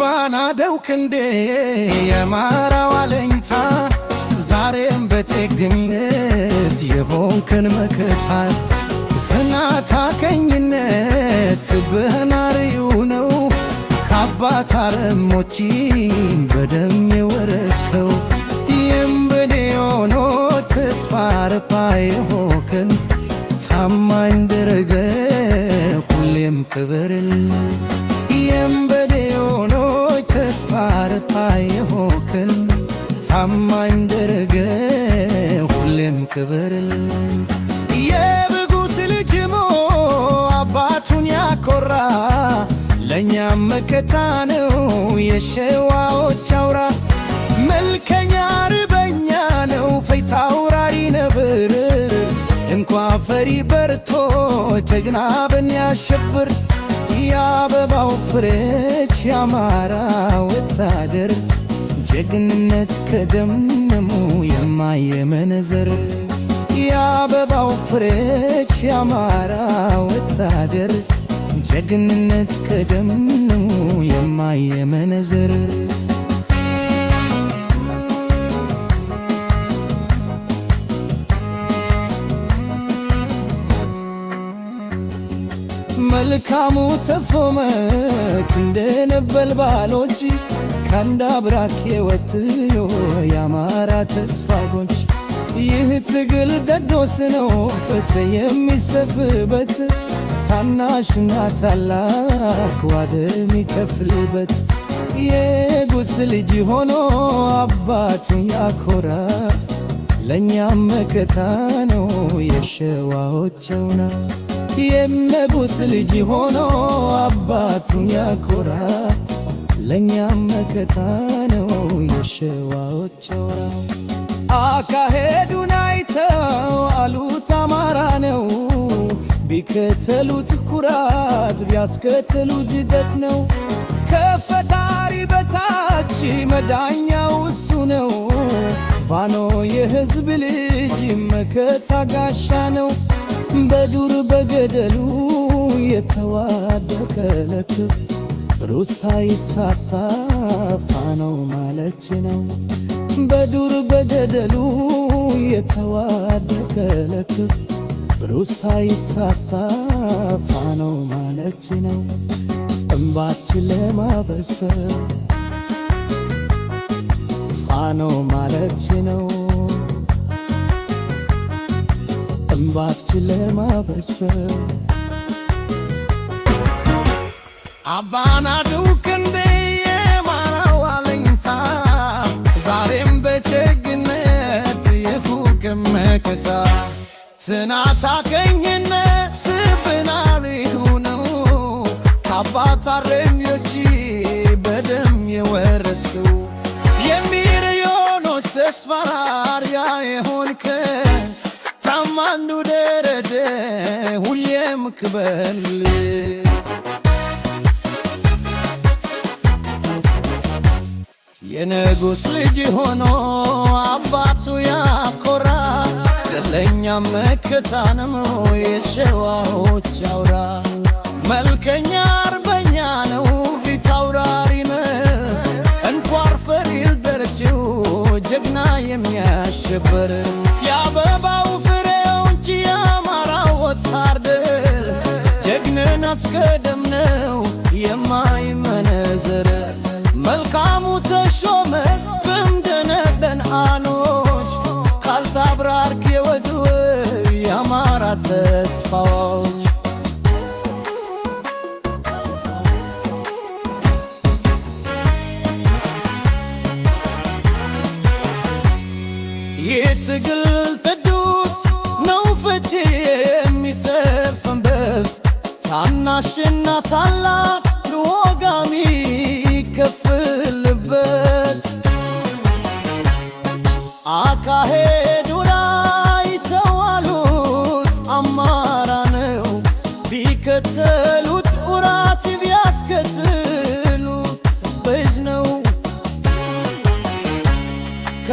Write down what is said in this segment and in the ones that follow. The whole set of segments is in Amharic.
ባናደው ክንዴ የማራው አለኝታ ዛሬም በጀግንነት የሆንክን መከታ ስናታከኝነት ስብህን አርዩው ነው ከአባት አረሞች በደም የወረስከው ይምብል የሆኖ ተስፋ ርባ የሆክን ታማኝ ደረገ ሁሌም ክብርን አስታርቃ የሆክን ሳማኝ ደረገ ሁሌም ክብርል የብጉስ ልጅ አባቱን ያኮራ ለእኛም መከታ ነው የሸዋዎች አውራ መልከኛ ርበኛ ነው ፈይታ አውራሪ ነብር እንኳ ፈሪ በርቶ ጀግና ያሸብር የአበባው ፍሬች ያማራ ወታደር ጀግንነት ከገምሙ የማየመነዘር የአበባው ፍሬች ያማራ ወታደር ጀግንነት ከደምኑ የማየመነዘር ካሙ ተፎመክ እንደነበል ባሎች ካንዳ ብራኬ ወትዮ የአማራ ተስፋጎች ይህ ትግል ደዶስ ነው ፍት የሚሰፍበት ታናሽና ታላቅ ዋደ የሚከፍልበት የጉስ ልጅ ሆኖ አባቱን ያኮራ ለእኛም መከታ ነው የሸዋዎቸውና የመቡት ልጅ ሆኖ አባቱን ያኮራ ለእኛም መከታ ነው የሸዋዎች ወራ። አካሄዱን አይተው አሉት አማራ ነው። ቢከተሉት ኩራት ቢያስከተሉ ጅደት ነው። ከፈጣሪ በታች መዳኛው እሱ ነው። ፋኖ የህዝብ ልጅ መከታ ጋሻ ነው። በዱር በገደሉ የተዋደቀ ለክብ ሩሳ ይሳሳ ፋኖ ማለት ነው። በዱር በገደሉ የተዋደቀ ለክብ ሩሳ ይሳሳ ፋኖ ማለት ነው። እምባችን ለማበሰብ ነው ማለት ነው። እንባች ለማበሰብ አባናደው ክንዴ የማራው አለኝታ ዛሬም በጀግነት የፉቅ መከታ ትናታከኝነ ስብናሪሁ ነው ካባታሬ ማስፈራሪያ የሆንክ ታማንዱ ደረደ ሁሌም ክበል የንጉሥ ልጅ ሆኖ አባቱ ያኮራ ለእኛ መከታ ነው የሸዋዎች አውራ መልከኛ ሸበረ የአበባው ፍሬዎች የአማራ ወታደር ጀግንነት ገደም ነው የማይመነዘረ መልካሙ ተሾመ በምደነደን አኖች ካልታብራርክ የወድወ የአማራ ተስፋዎች ትግል ቅዱስ ነው ፍቺ የሚሰፍንበት ታናሽና ታላቅ ልወጋሚ ይከፍልበት አካሄ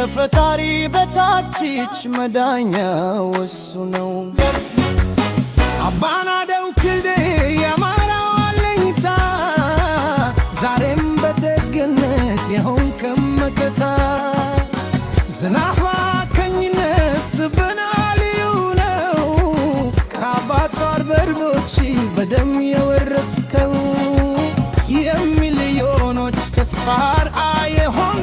ከፈጣሪ በታችች መዳኛ ወሱ ነው። አባናደው ክልድ የማራው አለኝታ ዛሬም በተገነት የሆን መከታ ዝናፋ ከኝነት ስብና ልዩ ነው። ከአባት አርበድቦች በደም የወረስከው የሚሊዮኖች ተስፋር አየሆን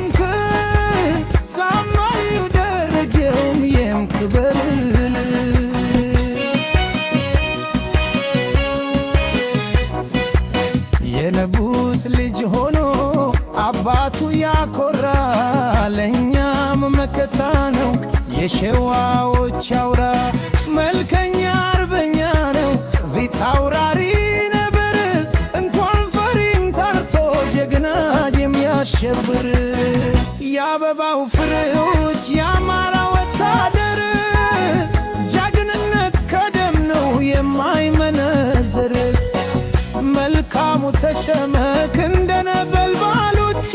የሸዋዎች አውራ መልከኛ አርበኛ ነው ፊት አውራሪ ነበር እንኳን ፈሪም ታርቶ ጀግና የሚያሸብር የአበባው ፍሬዎች የአማራ ወታደር ጀግንነት ከደም ነው የማይመነዝር መልካሙ ተሸመክ እንደነበልባሎች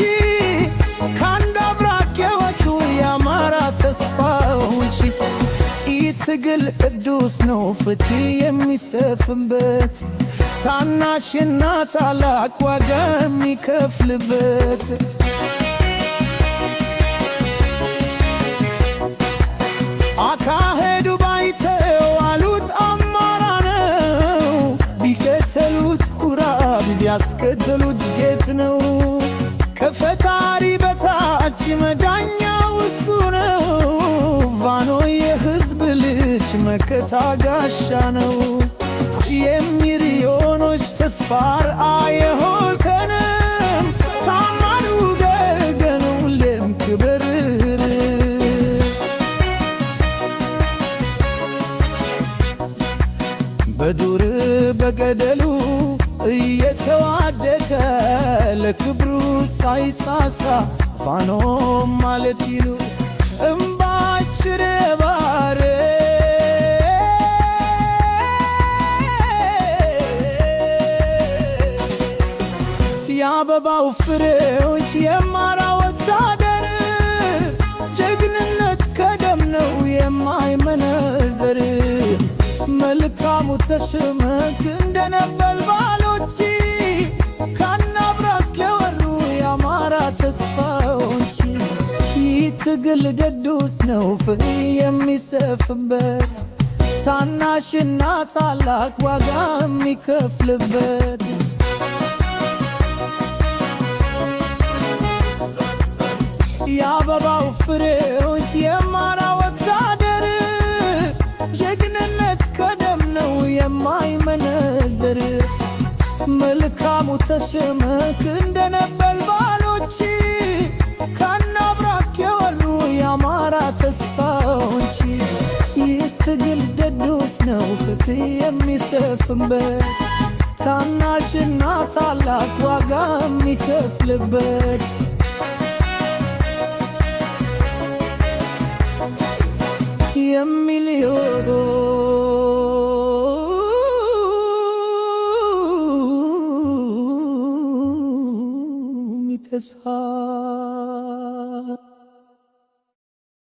ትግል ቅዱስ ነው ፍቲ የሚሰፍንበት ታናሽና ታላቅ ዋጋ የሚከፍልበት አካሄዱ ባይተው አሉት አማራ ነው። ቢከተሉት ኩራብ ቢያስከተሉት ጌት ነው። ከፈታሪ በታች መዳኛው እሱ ነው የህ አንቺ መከታ ጋሻ ነው የሚሪዮኖች ተስፋ ራዕይ የሆንከንም ታማኙ ደገኑ ሁሌም ክብር በዱር በገደሉ እየተዋደቀ ለክብሩ ሳይሳሳ ፋኖም ማለት ይሉ እምባችር ባር የአበባው ፍሬዎች የማራ ወታደር ጀግንነት ከደም ነው የማይመነዘር መልካሙ ተሽመክ እንደ ነበልባሎች ካናብራክ ለወሩ የአማራ ተስፋዎች ይህ ትግል ቅዱስ ነው ፍሬ የሚሰፍበት ታናሽና ታላቅ ዋጋ የሚከፍልበት የአበባው ፍሬዎች የማራ ወታደር ጀግንነት ከደም ነው የማይመነዘር መልካሙ ተሸመክ እንደ ባሎች! ከናብራክ የወሉ የአማራ ተስፋዎች ይህ ትግል ደዱስ ነው ፍትህ የሚሰፍንበት ታናሽና ታላቅ ዋጋ የሚከፍልበት his heart.